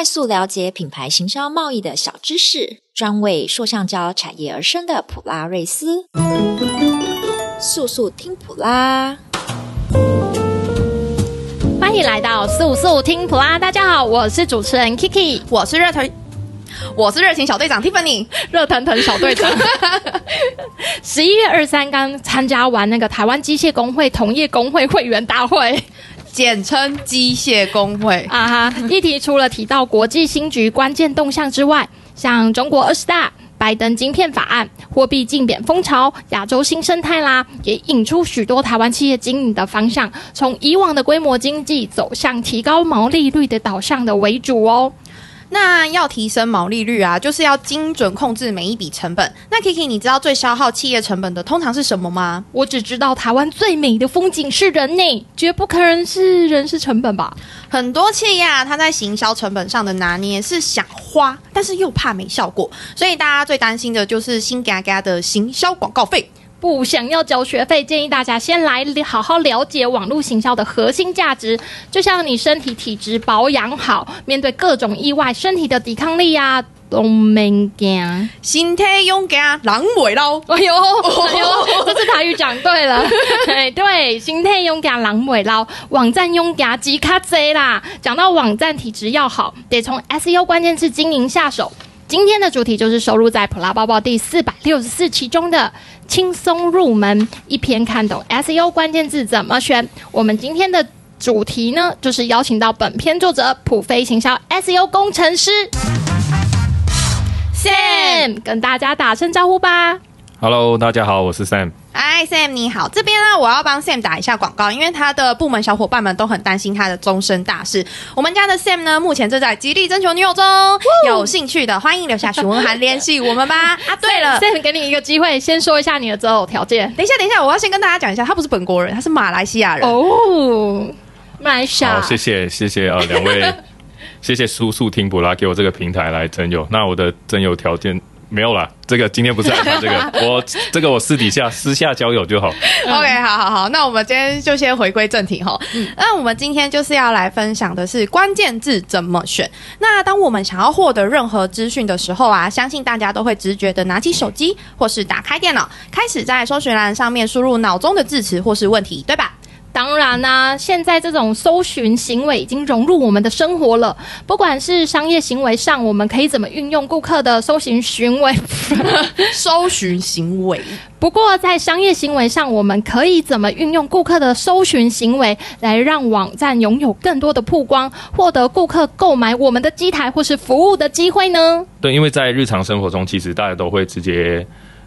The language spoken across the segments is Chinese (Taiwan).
快速了解品牌行銷貿易的小知識，專為塑橡膠產業而生的普拉瑞斯，速速聽普拉！歡迎來到速速聽普拉！大家好，我是主持人 Kiki，我是熱騰，我是熱情小隊長 Tiffany，熱騰騰小隊長。十一 月二十三剛參加完那個台灣機械工會同業工會會員大會。簡稱機械工會。啊哈，一題除了提到國際新局關鍵動向之外，像中國二十大、拜登晶片法案、貨幣競貶風潮、亞洲新生態啦，也引出許多台灣企業經營的方向，從以往的規模經濟走向提高毛利率的導向的為主哦。那要提升毛利率啊，就是要精準控制每一筆成本。那 Kiki，你知道最消耗企業成本的通常是什麼嗎？我只知道台灣最美的風景是人呢，絕不可能是人事成本吧。很多企業啊，他在行銷成本上的拿捏是想花，但是又怕沒效果，所以大家最擔心的就是新嘎嘎的行銷廣告費。不想要交學費，建議大家先來好好了解網絡行銷的核心價值。就像你身體體質保養好，面對各種意外，身體的抵抗力呀、啊，都沒有。心態勇敢，狼尾撈。哎呦哎呦，這次台語講對了。 哎，對，心態勇敢，狼尾撈。網站勇敢，即卡賊啦。講到網站體質要好，得從 SEO 關鍵字經營下手。今天的主題就是收錄在《普拉抱報》第四百六十四期中的。輕鬆入門，一篇看懂。SEO 關鍵字怎麼選？我們今天的主題呢，就是邀請到本篇作者普飛行銷 SEO 工程師 Sam，跟大家打聲招呼吧。Hello，大家好，我是 Sam。哎 Sam，你好，這邊呢，我要幫 Sam 打一下廣告，因為他的部門小伙伴們都很擔心他的終身大事。我們家的 Sam 呢，目前正在極力徵求女友中，Woo! 有興趣的歡迎留下詢問函聯繫我們吧。 啊，對了 Sam，Sam 給你一個機會，先說一下你的擇偶條件。等一下，等一下，我要先跟大家講一下，他不是本國人，他是馬來西亞人。哦，oh, 馬來西亞，謝謝謝謝啊，兩位， 謝謝叔叔聽普拉給我這個平台來徵友。那我的徵友條件。沒有啦，這個今天不是來這個， 我這個我私底下 私下交友就好。OK，、嗯、好好好，那我們今天就先回歸正題哈。嗯、那我們今天就是要來分享的是關鍵字怎麼選。那當我們想要獲得任何資訊的時候啊，相信大家都會直覺的拿起手機或是打開電腦，開始在搜尋欄上面輸入腦中的字詞或是問題，對吧？當然啊，現在這種搜尋行為已經融入我們的生活了。不管是商業行為上，我們可以怎麼運用顧客的搜尋行為？ 搜尋行為。不過在商業行為上，我們可以怎麼運用顧客的搜尋行為，來讓網站擁有更多的曝光，獲得顧客購買我們的機台或是服務的機會呢？對，因為在日常生活中，其實大家都會直接，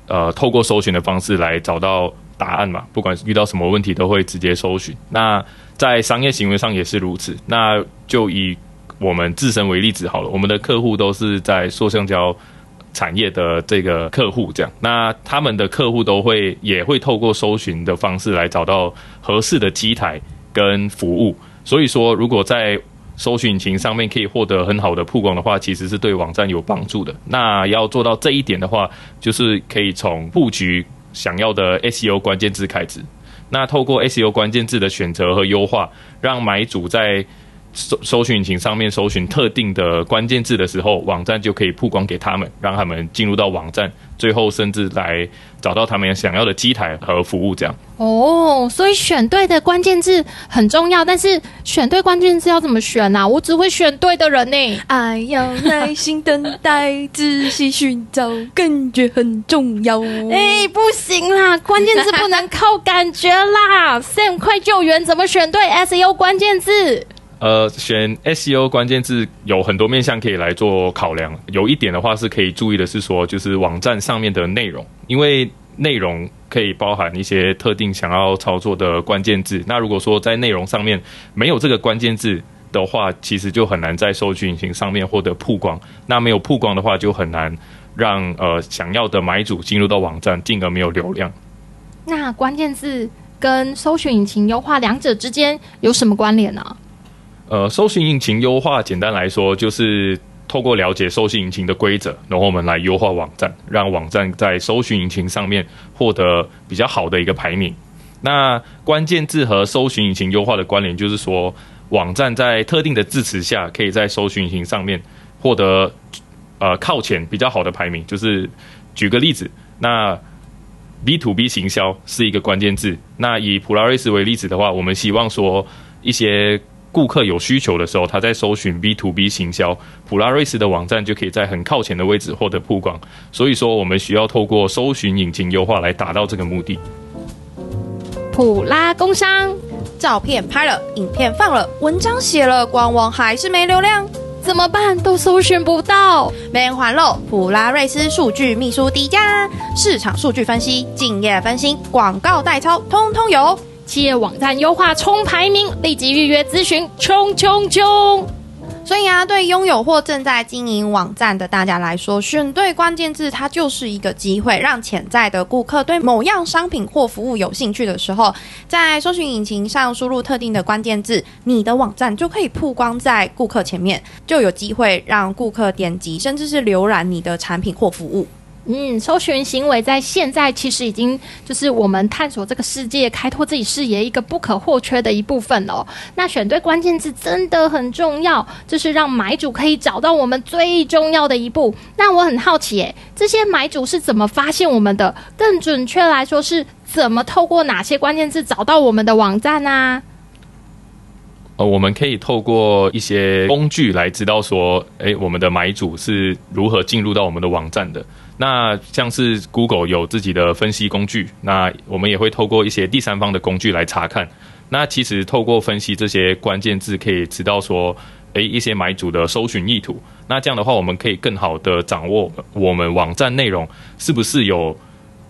呃，透過搜尋的方式來找到。答案嘛，不管遇到什麼問題都會直接搜尋。那在商業行為上也是如此。那就以我們自身為例子好了。我們的客戶都是在塑橡膠產業的這個客戶，這樣。那他們的客戶都會也會透過搜尋的方式來找到合適的機台跟服務。所以說，如果在搜尋引擎上面可以獲得很好的曝光的話，其實是對網站有幫助的。那要做到這一點的話，就是可以從布局。想要的 SEO 關鍵字開始，那透過 SEO 關鍵字的選擇和優化，讓買主在搜搜尋引擎上面搜尋特定的關鍵字的時候，網站就可以曝光給他們，讓他們進入到網站，最後甚至來找到他們想要的機台和服務。這樣哦，所以選對的關鍵字很重要，但是選對關鍵字要怎麼選啊？我只會選對的人呢？欸，哎要耐心等待， 仔細尋找，感覺很重要。哎，欸，不行啦，關鍵字不能靠感覺啦。 Sam，快救援，怎麼選對 SEO 關鍵字？呃，選 SEO 關鍵字有很多面向可以來做考量。有一點的話是可以注意的是說，就是網站上面的內容，因為內容可以包含一些特定想要操作的關鍵字。那如果說在內容上面沒有這個關鍵字的話，其實就很難在搜尋引擎上面獲得曝光。那沒有曝光的話，就很難讓呃想要的買主進入到網站，進而沒有流量。那關鍵字跟搜尋引擎優化兩者之間有什麼關聯呢？啊？呃，搜尋引擎優化，簡單來說就是透過了解搜尋引擎的規則，然後我們來優化網站，讓網站在搜尋引擎上面獲得比較好的一個排名。那關鍵字和搜尋引擎優化的關聯，就是說網站在特定的字詞下，可以在搜尋引擎上面獲得呃靠前比較好的排名。就是舉個例子，那 B to B 行銷是一個關鍵字，那以普拉瑞斯為例子的話，我們希望說一些。顧客有需求的時候，他在搜尋 B to B 行銷普拉瑞斯的網站，就可以在很靠前的位置獲得曝光。所以說，我們需要透過搜尋引擎優化來達到這個目的。普拉工商照片拍了，影片放了，文章寫了，官網還是沒流量，怎麼辦？都搜尋不到，免歡落。普拉瑞斯數據秘書底嘉，市場數據分析、競業分析、廣告代操，通通有。企業網站優化衝排名，立即預約諮詢衝冲衝！衝衝衝。所以啊，對擁有或正在經營網站的大家來說，選對關鍵字，它就是一個機會。讓潛在的顧客對某樣商品或服務有興趣的時候，在搜尋引擎上輸入特定的關鍵字，你的網站就可以曝光在顧客前面，就有機會讓顧客點擊，甚至是瀏覽你的產品或服務。嗯，搜尋行為在現在其實已經就是我們探索這個世界、開拓自己視野一個不可或缺的一部分哦，那選對關鍵字真的很重要，這、就是讓買主可以找到我們最重要的一步。那我很好奇、欸，哎，這些買主是怎麼發現我們的？更準確來說，是怎麼透過哪些關鍵字找到我們的網站啊？呃，我們可以透過一些工具來知道說，誒，我們的買主是如何進入到我們的網站的。那像是 Google 有自己的分析工具，那我們也會透過一些第三方的工具來查看。那其實透過分析這些關鍵字，可以知道說，誒，一些買主的搜尋意圖。那這樣的話，我們可以更好的掌握我們網站內容是不是有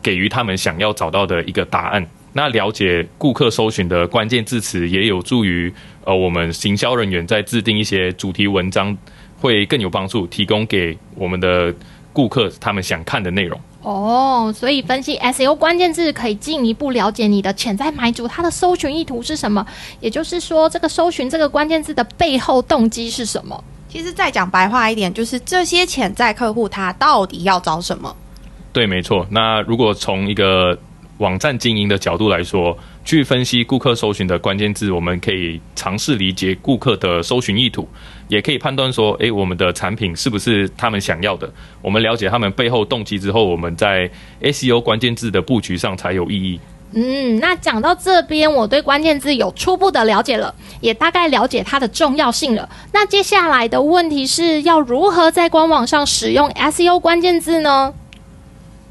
給予他們想要找到的一個答案。那了解顧客搜尋的關鍵字詞，也有助於呃，我們行銷人員在制定一些主題文章會更有幫助，提供給我們的顧客他們想看的內容。哦，oh, 所以分析 SEO 關鍵字可以進一步了解你的潛在買主他的搜尋意圖是什麼，也就是說，這個搜尋這個關鍵字的背後動機是什麼？其實再講白話一點，就是這些潛在客戶他到底要找什麼？對，沒錯。那如果從一個網站經營的角度來說，去分析顧客搜尋的關鍵字。我們可以嘗試理解顧客的搜尋意圖，也可以判斷說，誒、欸，我們的產品是不是他們想要的。我們了解他們背後動機之後，我們在 SEO 關鍵字的佈局上才有意義。嗯，那講到這邊，我對關鍵字有初步的了解了，也大概了解它的重要性了。那接下來的問題是要如何在官網上使用 SEO 關鍵字呢？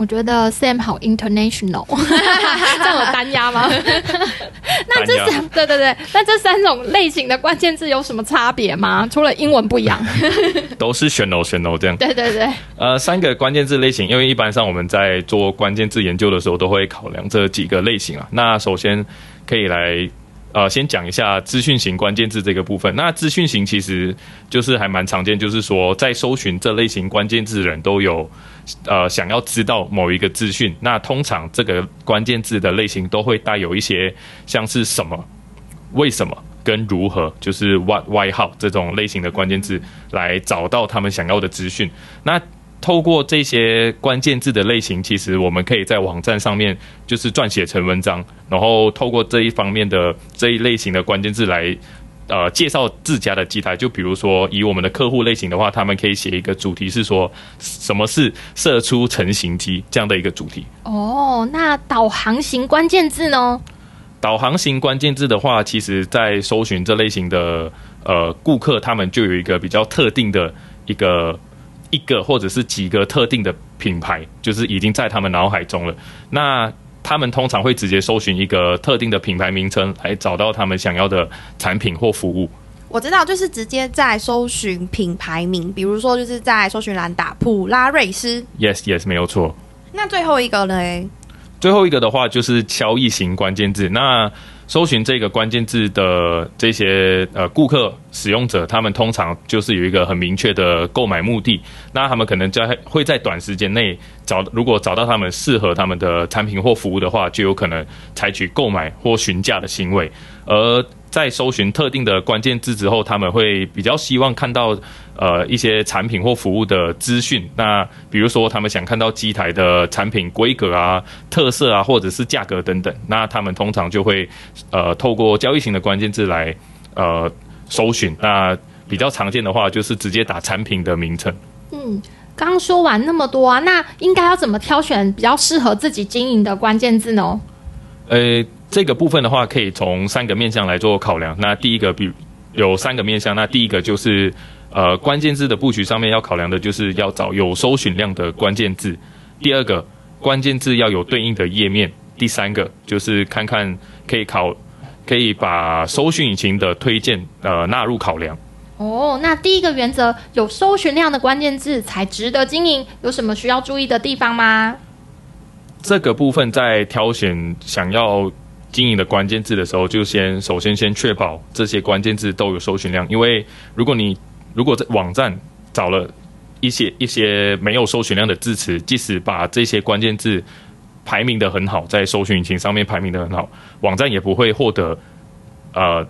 我覺得 Sam 好 international， 這樣有單押嗎？ 單壓 那這三對對對，那 這三種類型的關鍵字有什麼差別嗎？除了英文不一樣， 都是選樓選樓這樣。對對對，呃，三個關鍵字類型，因為一般上我們在做關鍵字研究的時候，都會考量這幾個類型啊。那首先可以來。呃，先講一下資訊型關鍵字這個部分。那資訊型其實就是還蠻常見，就是說在搜尋這類型關鍵字的人都有，呃，想要知道某一個資訊。那通常這個關鍵字的類型都會帶有一些像是什麼、為什麼跟如何，就是 what、why、how 這種類型的關鍵字來找到他們想要的資訊。那透過這些關鍵字的類型，其實我們可以在網站上面就是撰寫成文章，然後透過這一方面的這一類型的關鍵字來，呃，介紹自家的機台。就比如說，以我們的客戶類型的話，他們可以寫一個主題是說什麼是射出成型機這樣的一個主題。哦，Oh, 那導航型關鍵字呢？導航型關鍵字的話，其實，在搜尋這類型的呃顧客，他們就有一個比較特定的一個，一個或者是幾個特定的品牌，就是已經在他們腦海中了。那他們通常會直接搜尋一個特定的品牌名稱來找到他們想要的產品或服務。我知道，就是直接在搜尋品牌名，比如說就是在搜尋欄打普拉瑞斯。Yes，Yes，yes, 沒有錯。那最後一個呢？最後一個的話就是交易型關鍵字。那搜尋這個關鍵字的這些呃顧客使用者，他們通常就是有一個很明確的購買目的，那他們可能在會在短時間內找，如果找到他們適合他們的產品或服務的話，就有可能採取購買或詢價的行為，而。在搜尋特定的關鍵字之後，他們會比較希望看到，呃，一些產品或服務的資訊。那比如說，他們想看到機台的產品規格啊、特色啊，或者是價格等等。那他們通常就會，呃，透過交易型的關鍵字來，呃，搜尋。那比較常見的話，就是直接打產品的名稱。嗯，剛說完那麼多啊，那應該要怎麼挑選比較適合自己經營的關鍵字呢？誒，欸。這個部分的話，可以從三個面向來做考量。那第一個，比如有三個面向。那第一個就是，呃，關鍵字的佈局上面要考量的，就是要找有搜尋量的關鍵字。第二個，關鍵字要有對應的頁面。第三個，就是看看可以考，可以把搜尋引擎的推薦，呃，納入考量。哦，那第一個原則，有搜尋量的關鍵字才值得經營，有什麼需要注意的地方嗎？這個部分在挑選想要。經營的關鍵字的時候，就先首先先確保這些關鍵字都有搜尋量，因為如果你如果在網站找了一些一些沒有搜尋量的字詞，即使把這些關鍵字排名的很好，在搜尋引擎上面排名的很好，網站也不會獲得呃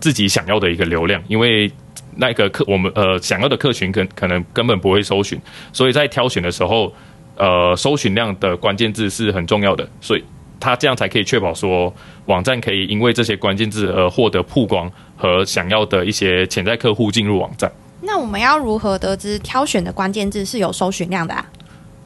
自己想要的一個流量，因為那個客我們呃想要的客群可能可能根本不會搜尋，所以在挑選的時候，呃搜尋量的關鍵字是很重要的，所以。它這樣才可以確保說，網站可以因為這些關鍵字而獲得曝光和想要的一些潛在客戶進入網站。那我們要如何得知挑選的關鍵字是有搜尋量的啊？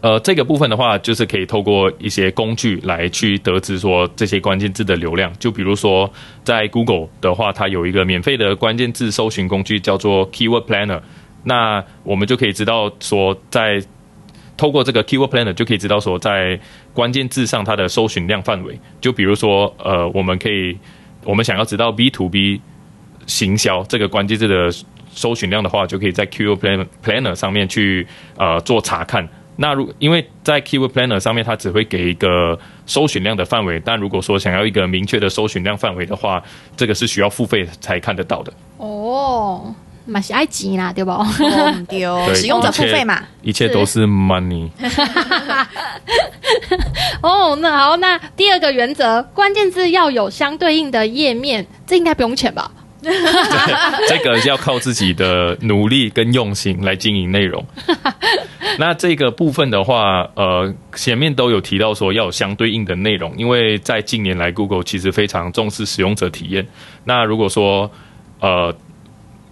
呃，這個部分的話，就是可以透過一些工具來去得知說這些關鍵字的流量。就比如說在 Google 的話，它有一個免費的關鍵字搜尋工具叫做 Keyword Planner，那我們就可以知道說在，在透過這個 Keyword Planner 就可以知道說在。關鍵字上它的搜尋量範圍，就比如說，呃，我們可以，我們想要知道 B to B 行銷這個關鍵字的搜尋量的話，就可以在 Keyword Planner 上面去呃做查看。那如因為在 Keyword Planner 上面，它只會給一個搜尋量的範圍，但如果說想要一個明確的搜尋量範圍的話，這個是需要付費才看得到的。哦。Oh. 嘛是埃及啦，對吧，哦？對，對，使用者付費嘛，一切都是 money。哦是， oh, 那好，那第二個原則，關鍵字要有相對應的頁面，這應該不用錢吧？ 這個要靠自己的努力跟用心來經營內容。 那這個部分的話，呃，前面都有提到說要有相對應的內容，因為在近年來，Google 其實非常重視使用者體驗。那如果說，呃。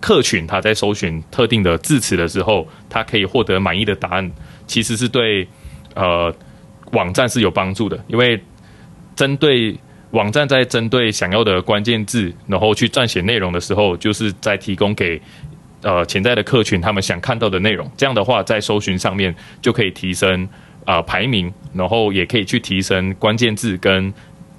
客群他在搜尋特定的字詞的時候，他可以獲得滿意的答案，其實是對呃網站是有幫助的，因為針對網站在針對想要的關鍵字，然後去撰寫內容的時候，就是在提供給呃潛在的客群他們想看到的內容。這樣的話，在搜尋上面就可以提升呃排名，然後也可以去提升關鍵字跟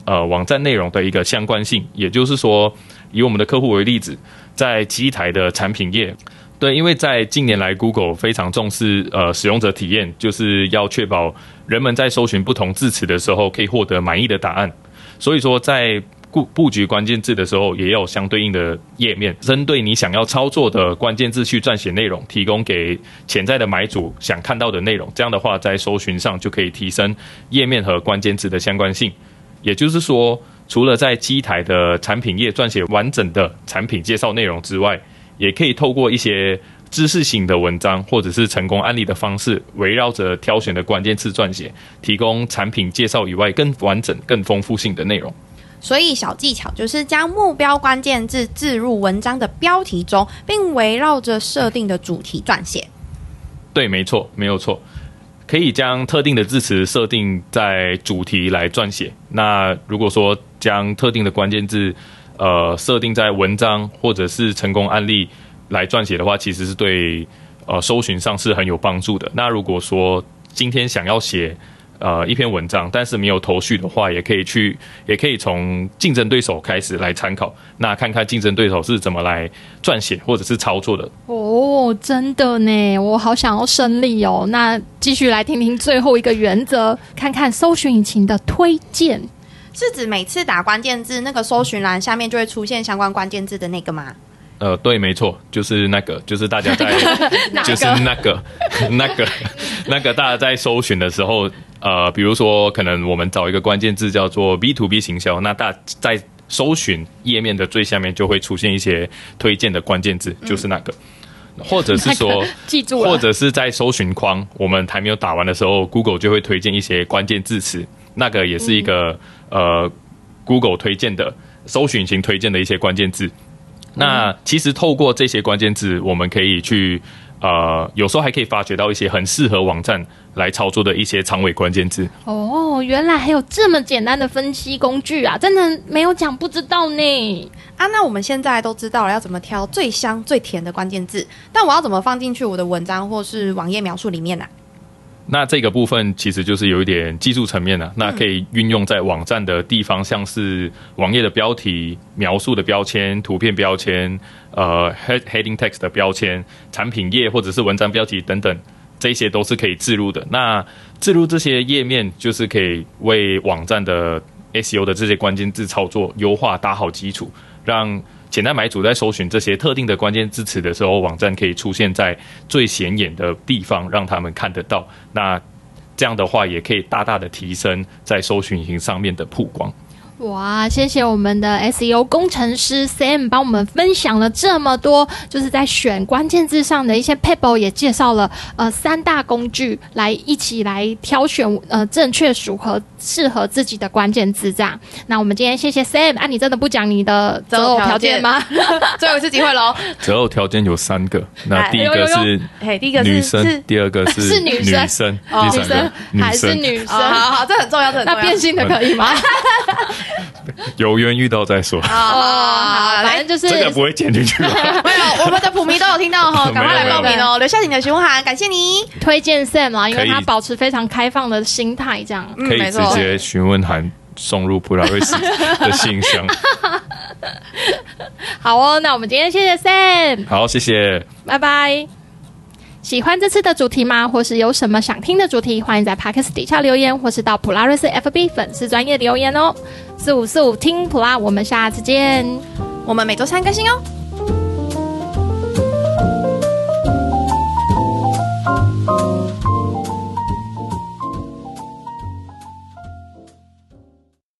呃網站內容的一個相關性，也就是說。以我們的客戶為例子，在機台的產品頁，對，因為在近年來，Google 非常重視呃使用者體驗，就是要確保人們在搜尋不同字詞的時候可以獲得滿意的答案。所以說，在布布局關鍵字的時候，也要有相對應的頁面，針對你想要操作的關鍵字去撰寫內容，提供給潛在的買主想看到的內容。這樣的話，在搜尋上就可以提升頁面和關鍵字的相關性。也就是說。除了在機台的產品頁撰寫完整的產品介紹內容之外，也可以透過一些知識性的文章或者是成功案例的方式，圍繞着挑選的關鍵字撰寫，提供產品介紹以外更完整、更豐富性的內容。所以小技巧就是將目標關鍵字置入文章的標題中，並圍繞着設定的主題撰寫。對，沒錯，沒有錯。可以將特定的字詞設定在主題來撰寫。那如果說將特定的關鍵字，呃，設定在文章或者是成功案例來撰寫的話，其實是對呃搜尋上是很有幫助的。那如果說今天想要寫，呃，一篇文章，但是沒有頭緒的話，也可以去，也可以從競爭對手開始來參考，那看看競爭對手是怎麼來撰寫或者是操作的。哦，真的呢，我好想要勝利哦。那繼續來聽聽最後一個原則，看看搜尋引擎的推薦，是指每次打關鍵字，那個搜尋欄下面就會出現相關關鍵字的那個嗎？呃，對，沒錯，就是那個，就是大家在， 哪個？就是那個， 那個，那個，那個大家在搜尋的時候。呃，比如說，可能我們找一個關鍵字叫做 B to B 行銷，那大在搜尋頁面的最下面就會出現一些推薦的關鍵字，嗯、就是那個，或者是說，那個、記住了或者是在搜尋框我們還沒有打完的時候，Google 就會推薦一些關鍵字詞，那個也是一個、嗯、呃 Google 推薦的搜尋型推薦的一些關鍵字。嗯、那其實透過這些關鍵字，我們可以去。呃，有時候還可以發掘到一些很適合網站來操作的一些長尾關鍵字。哦，原來還有這麼簡單的分析工具啊！真的沒有講不知道呢。啊，那我們現在都知道了要怎麼挑最香最甜的關鍵字，但我要怎麼放進去我的文章或是網頁描述裡面呢、啊？那這個部分其實就是有一點技術層面的，啊，那可以運用在網站的地方，嗯、像是網頁的標題、描述的標籤、圖片標籤、呃 heading text 的標籤、產品頁或者是文章標題等等，這些都是可以置入的。那置入這些頁面，就是可以為網站的 SEO 的這些關鍵字操作優化打好基礎，讓潛在買主在搜尋這些特定的關鍵字詞的時候，網站可以出現在最顯眼的地方，讓他們看得到。那這樣的話，也可以大大的提升在搜尋引擎上面的曝光。哇，謝謝我們的 SEO 工程師 Sam 幫我們分享了這麼多，就是在選關鍵字上的一些撇步也介紹了呃三大工具，來一起來挑選呃正確符合適合自己的關鍵字這樣。那我們今天謝謝 Sam 啊，你真的不講你的擇偶條件嗎？件 最後一次機會嘍。 擇偶條件有三個，那第一個是嘿，第一個是女生，第二個是是女生，女生，女生還是女生？好好，這很重要，這很重要。那變性的可以嗎？嗯 有緣遇到再說。哦，好，反正就是真的不會剪進去。沒有，我們的普迷都有聽到哈，趕快來報名哦！留下你的詢問函，感謝你推薦 Sam 啊，因為他保持非常開放的心態，這樣可以直接詢問函送入普拉瑞斯的信箱。好哦，那我們今天謝謝 Sam。好，謝謝，拜拜。喜歡這次的主題嗎？或是有什麼想聽的主題？歡迎在 Podcast 底下留言，或是到普拉瑞斯 FB 粉絲專頁留言哦。四五四五聽普拉，我們下次見。我們每周三更新哦。